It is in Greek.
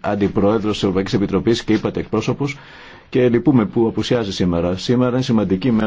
Αντιπρόεδρος της Ευρωπαϊκής Επιτροπής και είπατε εκπρόσωπος και λυπούμε που απουσιάζει σήμερα. Σήμερα είναι σημαντική μέρα.